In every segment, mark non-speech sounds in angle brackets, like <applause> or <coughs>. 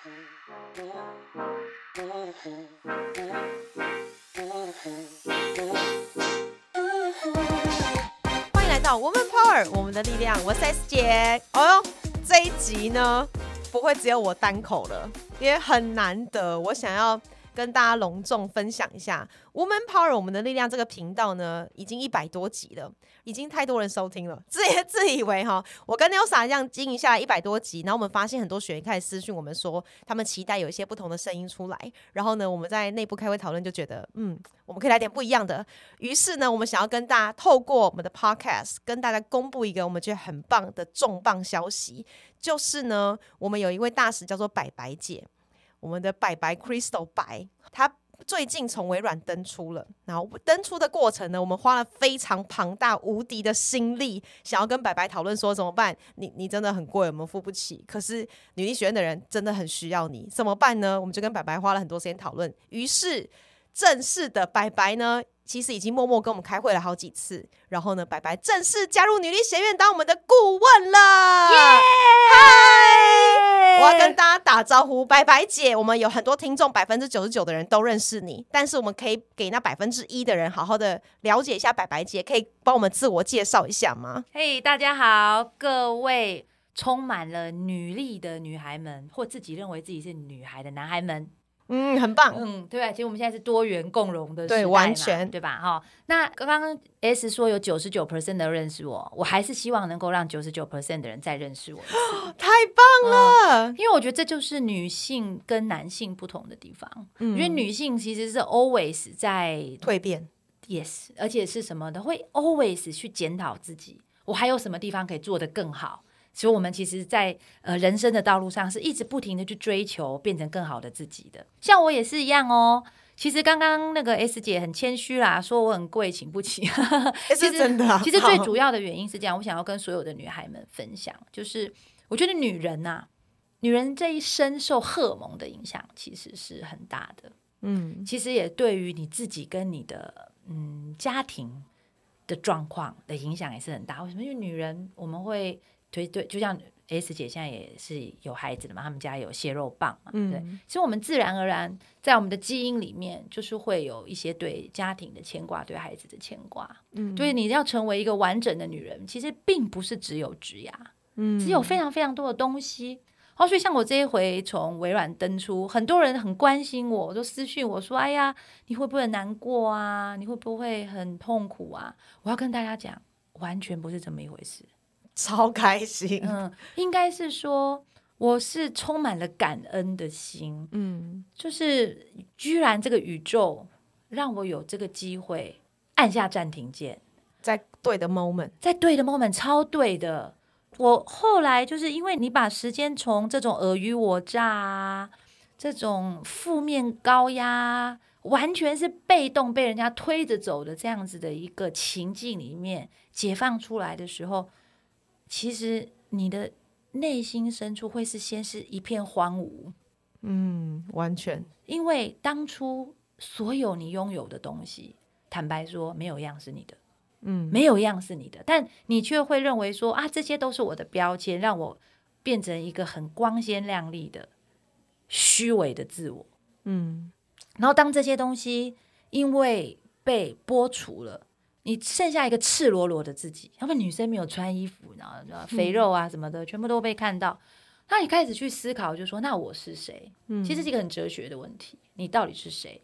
歡迎來到《Woomanpower》，我們的力量。我是 S 姐。哦，這一集呢，不會只有我單口了，因為很難得，我想要。跟大家隆重分享一下《Woman Power：我們的力量》這個頻道呢，已經一百多集了，已經太多人收聽了。自也自以為哈，我跟 Nilsa 這樣經營下來一百多集，然後我們發現很多學員開始私訊我們說，他們期待有一些不同的聲音出來。然後呢，我們在內部開會討論，就覺得嗯，我們可以來點不一樣的。於是呢，我們想要跟大家透過我們的 Podcast 跟大家公布一個我們覺得很棒的重磅消息，就是呢，我們有一位大使叫做白白姐。我們的白白 Crystal 白，她最近從微軟登出了，然後登出的過程呢，我們花了非常龐大無敵的心力，想要跟白白討論說怎麼辦？你你真的很貴，我們付不起。可是女力學院的人真的很需要你，怎麼辦呢？我們就跟白白花了很多時間討論。於是正式的白白呢，其實已經默默跟我們開會了好幾次。然後呢，白白正式加入女力學院當我們的顧問了。嗨。Yeah! 我要跟大家打招呼，白白姐，我們有很多聽眾，百分之九十九的人都認識你，但是我們可以給那百分之一的人好好的了解一下白白姐，可以幫我們自我介紹一下嗎？嘿，Hey，大家好，各位充滿了女力的女孩們，或自己認為自己是女孩的男孩們。嗯，很棒，嗯，對不、啊、其實我們現在是多元共融的，對，完全對吧？哈、哦，那剛剛 S 說有九十九 percent 的人認識我，我還是希望能夠讓九十九 percent 的人再認識我，太棒了、嗯！因為我覺得這就是女性跟男性不同的地方，因為、嗯、女性其實是 always 在蛻變，yes，而且是什麼呢，會 always 去檢討自己，我還有什麼地方可以做得更好。所以我們其實在呃人生的道路上是一直不停的去追求變成更好的自己的，像我也是一樣哦。其實剛剛那個 S 姐，很謙虛啦，說我很貴請不起。 <laughs> 其實真的，其實最主要的原因是這樣，我想要跟所有的女孩們分享，就是我覺得女人吶、啊，女人這一生受荷爾蒙的影響其實是很大的，嗯，其實也對於你自己跟你的嗯家庭的狀況的影響也是很大。為什麼？因為女人我們會。對對，就像 S 姐現在也是有孩子的嘛，他們家有蟹肉棒嘛，對。所以、嗯、我們自然而然在我們的基因裡面，就是會有一些對家庭的牽掛，對孩子的牽掛。嗯，所以你要成為一個完整的女人，其實並不是只有職業，嗯，只有非常非常多的東西。好、嗯哦，所以像我這一回從微軟登出，很多人很關心我，都私訊我說：“哎呀，你會不會難過啊？你會不會很痛苦啊？”我要跟大家講，完全不是這麼一回事。超開心！嗯，應該是說我是充滿了感恩的心。嗯，就是居然這個宇宙讓我有這個機會按下暫停鍵，在對的 moment，在對的 moment，超對的。我後來就是因為你把時間從這種爾虞我詐啊，這種負面高壓，完全是被動被人家推着走的這樣子的一個情境裡面解放出來的時候。其實你的內心深處會是先是一片荒蕪，嗯，完全，因為當初所有你擁有的東西，坦白說沒有一樣是你的，嗯，沒有一樣是你的，但你卻會認為說啊，這些都是我的標籤，讓我變成一個很光鮮亮麗的虛偽的自我，嗯，然後當這些東西因為被剝除了，你剩下一個赤裸裸的自己，他們女生沒有穿衣服，然後肥肉啊什麼的，嗯、全部都被看到。那你開始去思考，就說那我是誰？嗯、其實是一個很哲學的問題。你到底是誰？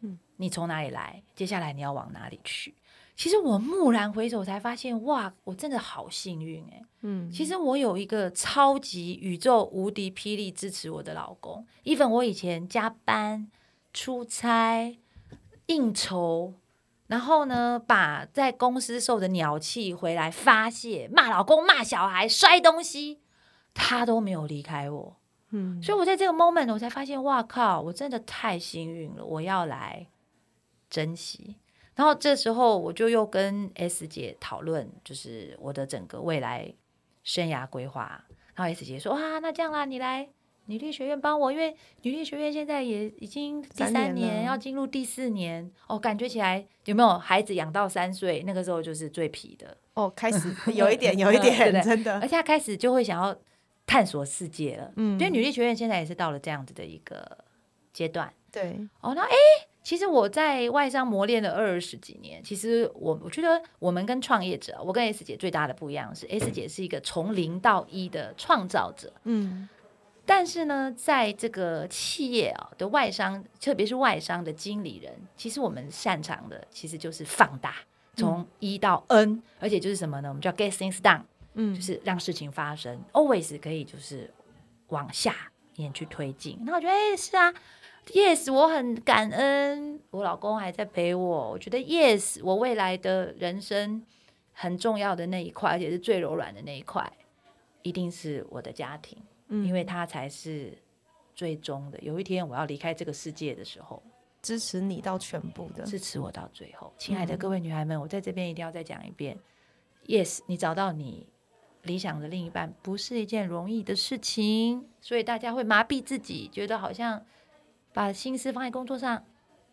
嗯、你從哪裡來？接下來你要往哪裡去？其實我驀然回首才發現，哇，我真的好幸運哎、欸。嗯、其實我有一個超級宇宙無敵霹靂支持我的老公，一份我以前加班、出差、應酬。然後呢，把在公司受的鳥氣回來發洩，罵老公、罵小孩、摔東西，他都沒有離開我，嗯，所以我在這個 moment 我才發現，哇靠，我真的太幸運了，我要來珍惜。然後這時候我就又跟 S 姐討論，就是我的整個未來生涯規劃。然後 S 姐說，哇，那這樣啦，你來。女力學院幫我，因為女力學院現在也已經第三年，三年要進入第四年哦。感覺起來有沒有孩子養到三歲，那個時候就是最皮的哦。開始有一點， <laughs> 有一點， <laughs> 對對對 <laughs> 真的，而且她開始就會想要探索世界了。嗯，因為女力學院現在也是到了這樣子的一個階段。對，哦，那誒、欸，其實我在外商磨練了二十幾年，其實我我覺得我們跟創業者，我跟 S 姐最大的不一樣是，S 姐 <coughs> 是一個從零到一的創造者。嗯。但是呢，在這個企業啊的外商，特別是外商的經理人，其實我們擅長的其實就是放大，從一到 N，、嗯、而且就是什麼呢？我們叫 get things done，、嗯、就是讓事情發生、嗯、，always 可以就是往下面去推進。哦、那我覺得，哎，是啊，yes，我很感恩，我老公還在陪我。我覺得，yes，我未來的人生很重要的那一塊，而且是最柔軟的那一塊，一定是我的家庭。嗯、因為他才是最終的。有一天我要離開這個世界的時候，支持你到全部的，支持我到最後。嗯、親愛的各位女孩們，我在這邊一定要再講一遍、嗯、：Yes，你找到你理想的另一半不是一件容易的事情。所以大家會麻痹自己，覺得好像把心思放在工作上，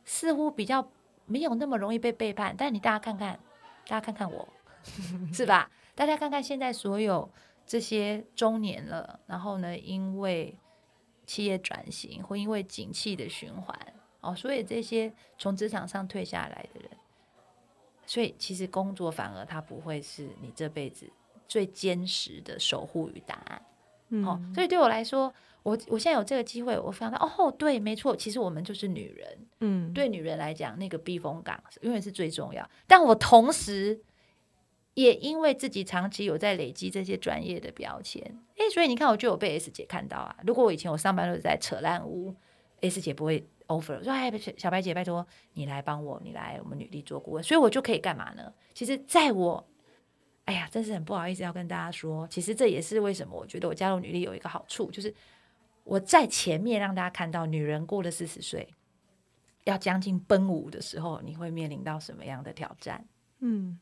似乎比較沒有那麼容易被背叛。但你大家看看，大家看看我， <laughs> 是吧？大家看看現在所有。這些中年了，然後呢？因為企業轉型，或因為景氣的循環哦，所以這些從職場上退下來的人，所以其實工作反而它不會是你這輩子最堅實的守護與答案。嗯、哦，所以對我來說，我我現在有這個機會，我想到哦，對，沒錯，其實我們就是女人。嗯，對女人來講，那個避風港永遠是最重要。但我同時。也因為自己長期有在累積這些專業的標籤，誒、欸，所以你看，我就有被 S 姐看到啊。如果我以前我上班都是在扯爛屋，S 姐不會 offer。說、欸、哎，小白姐，拜托你來幫我，你來我們女力做顧問，所以我就可以幹嘛呢？其實，在我，哎呀，真是很不好意思要跟大家說，其實這也是為什麼我覺得我加入女力有一個好處，就是我在前面讓大家看到，女人過了四十歲，要將近奔五的時候，你會面臨到什麼樣的挑戰？嗯。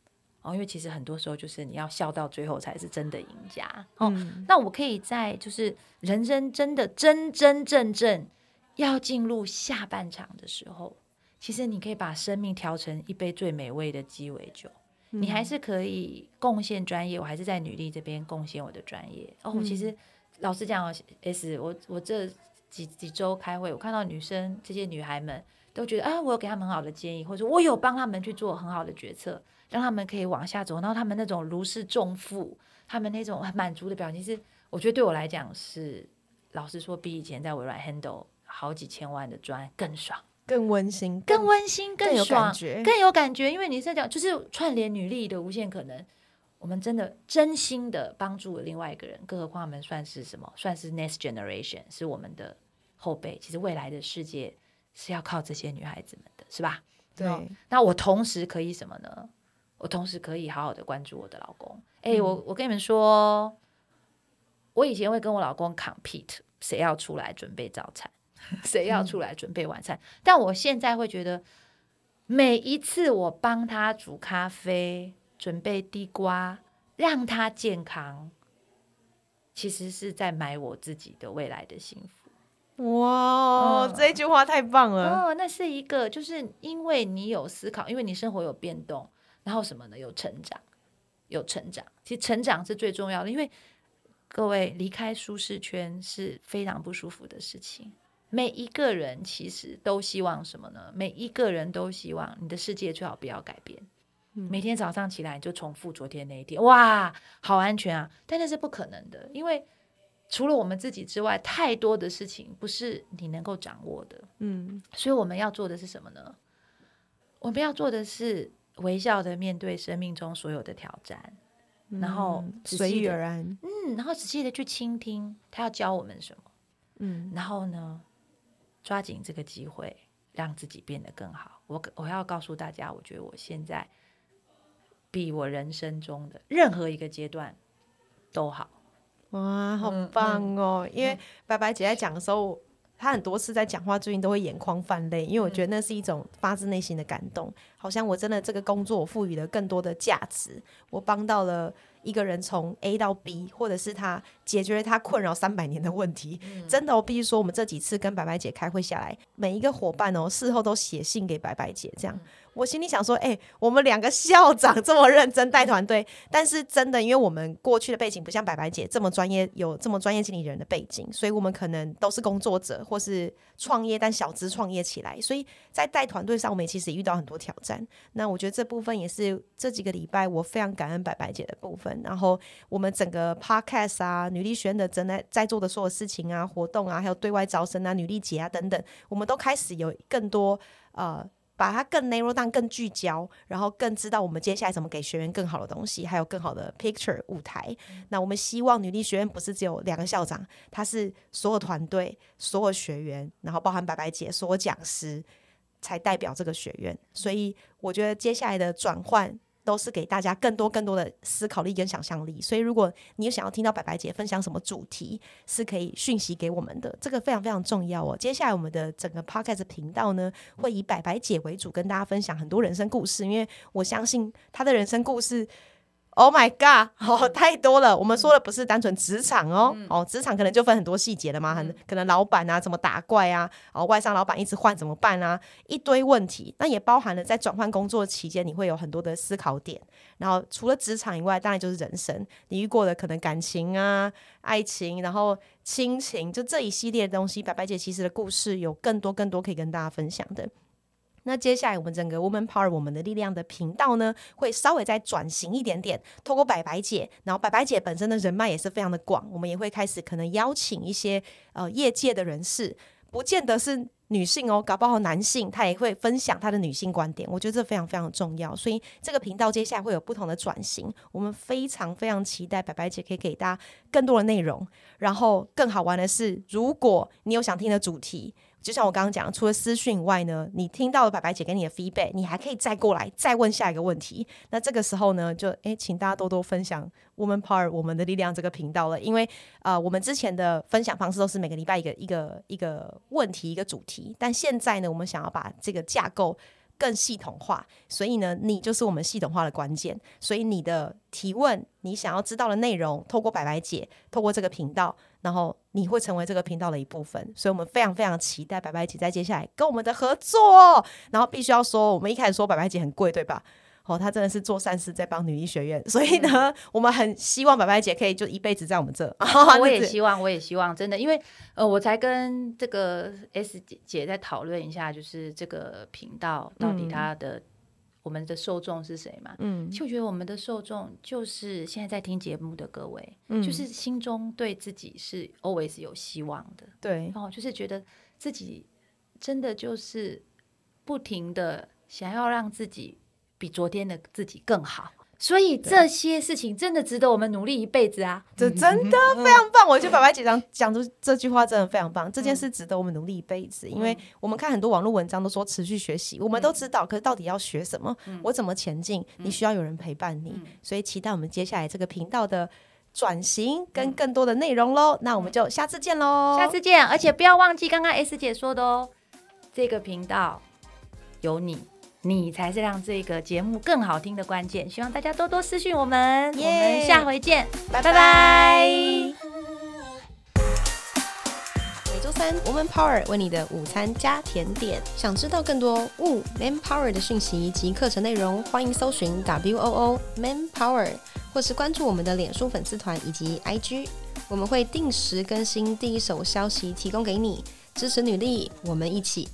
哦，因為其實很多時候就是你要笑到最後才是真的贏家。哦、嗯、那我可以在就是人生真的真真正正要進入下半場的時候，其實你可以把生命調成一杯最美味的雞尾酒，嗯、你還是可以貢獻專業，我還是在女力這邊貢獻我的專業。嗯、哦，其實老實講，S，我我這幾幾週開會，我看到女生這些女孩們。都覺得啊，我有給他們很好的建議，或者說我有幫他們去做很好的決策，讓他們可以往下走。然後他們那種如釋重負，他們那種很滿足的表情，是我覺得對我來講是，老實說，比以前在微軟 handle 好幾千萬的專案更爽，更溫馨，更，更溫馨，更溫馨，更有感覺，更有感覺。因為你在講就是串聯女力的無限可能，我們真的真心的幫助了另外一個人，更何況我們算是什麼？算是 next generation，是我們的後輩。其實未來的世界。是要靠這些女孩子們的，是吧？對。那我同時可以什麼呢？我同時可以好好的關注我的老公。哎、欸，嗯、我我跟你們說，我以前會跟我老公 compete，誰要出來準備早餐，誰要出來準備晚餐。嗯、但我現在會覺得，每一次我幫他煮咖啡、準備地瓜，讓他健康，其實是在買我自己的未來的幸福。哇，wow, 哦、這句話太棒了！哦，那是一個，就是因為你有思考，因為你生活有變動，然後什麼呢？有成長，有成長。其實成長是最重要的，因為各位離開舒適圈是非常不舒服的事情。每一個人其實都希望什麼呢？每一個人都希望你的世界最好不要改變。嗯、每天早上起來你就重複昨天那一天，哇，好安全啊！但那是不可能的，因為。除了我們自己之外，太多的事情不是你能夠掌握的。嗯，所以我們要做的是什麼呢？我們要做的是微笑的面對生命中所有的挑戰，嗯，然後隨遇而安。嗯，然後仔細的去傾聽他要教我們什麼。嗯，然後呢，抓緊這個機會，讓自己變得更好。我我要告訴大家，我覺得我現在比我人生中的任何一個階段都好。哇，好棒哦！嗯嗯、因為白白姐在講的時候，她、嗯、很多次在講話，最近都會眼眶泛淚，因為我覺得那是一種發自內心的感動，嗯、好像我真的這個工作賦予了更多的價值，我幫到了一個人從 A 到 B，或者是他解決了他困擾三百年的問題。嗯、真的、哦，我必須說，我們這幾次跟白白姐開會下來，每一個夥伴哦，事後都寫信給白白姐，這樣。嗯我心裡想說，哎、欸，我們兩個校長這麼認真帶團隊，但是真的，因為我們過去的背景不像白白姐這麼專業，有這麼專業經理人的背景，所以我們可能都是工作者或是創業，但小資創業起來，所以在帶團隊上，我們也其實也遇到很多挑戰。那我覺得這部分也是這幾個禮拜我非常感恩白白姐的部分。然後我們整個 podcast 啊，女力學院的正在在做的所有事情啊、活動啊，還有對外招生啊、女力節啊等等，我們都開始有更多呃。把它更 narrow down，更聚焦，然後更知道我們接下來怎麼給學員更好的東西，還有更好的 picture 舞台。嗯、那我們希望女力學院不是只有兩個校長，他是所有團隊、所有學員，然後包含白白姐、所有講師才代表這個學院。所以我覺得接下來的轉換。都是給大家更多更多的思考力跟想象力，所以如果你想要聽到白白姐分享什麼主題，是可以訊息給我們的，這個非常非常重要哦。接下來我們的整個 podcast 頻道呢，會以白白姐為主，跟大家分享很多人生故事，因為我相信她的人生故事。Oh my god！哦，太多了。我們說的不是單純職場哦，哦，職場可能就分很多細節的嘛，很可能老闆啊，怎麼打怪啊，哦，外商老闆一直換怎麼辦啊？一堆問題。那也包含了在轉換工作期間，你會有很多的思考點。然後除了職場以外，當然就是人生，你遇過的可能感情啊、愛情，然後親情，就這一系列的東西。白白姐其實的故事有更多更多可以跟大家分享的。那接下來我們整個 Woman Power 我們的力量的頻道呢，會稍微再轉型一點點。透過白白姐，然後白白姐本身的人脈也是非常的廣，我們也會開始可能邀請一些呃業界的人士，不見得是女性哦，搞不好男性他也會分享他的女性觀點。我覺得這非常非常重要，所以這個頻道接下來會有不同的轉型。我們非常非常期待白白姐可以給大家更多的內容，然後更好玩的是，如果你有想聽的主題，就像我剛剛講，除了私訊以外呢，你聽到了白白姐給你的 feedback，你還可以再過來再問下一個問題。那這個時候呢，就誒，請大家多多分享 Woomanpower 我們的力量這個頻道了，因為啊、呃，我們之前的分享方式都是每個禮拜一個一個一個問題一個主題，但現在呢，我們想要把這個架構更系統化，所以呢，你就是我們系統化的關鍵。所以你的提問，你想要知道的內容，透過白白姐，透過這個頻道，然後你會成為這個頻道的一部分。所以我們非常非常期待白白姐在接下來跟我們的合作。然後必須要說，我們一開始說白白姐很貴，對吧？哦，他真的是做善事，在幫女力學院，所以呢，嗯、我們很希望白白姐可以就一輩子在我們這。我也希望，我也希望，真的，因為呃，我才跟這個 S 姐姐在討論一下，就是這個頻道到底她的、嗯、我們的受眾是誰嘛？嗯，就覺得我們的受眾就是現在在聽節目的各位，嗯、就是心中對自己是 always 有希望的，對哦，就是覺得自己真的就是不停的想要讓自己。比昨天的自己更好，所以這些事情真的值得我們努力一輩子啊！這真的非常棒，我覺得白白姐講講出這句話真的非常棒，這件事值得我們努力一輩子。因為我們看很多網絡文章都說持續學習，我們都知道，可是到底要學什麼？我怎麼前進？你需要有人陪伴你，所以期待我們接下來這個頻道的轉型跟更多的內容嘍。那我們就下次見嘍，下次見！而且不要忘記剛剛 S 姐說的哦，這個頻道有你。你才是讓這個節目更好聽的關鍵，希望大家多多私訊我們，yeah, 我們下回見，拜 bye bye, 拜拜。每周三 Woomanpower 為你的午餐加甜點，想知道更多 Woomanpower 的訊息及課程內容，歡迎搜尋 W O O Man Power 或是關注我們的臉書粉絲團以及 I G，我們會定時更新第一手消息提供給你，支持女力，我們一起。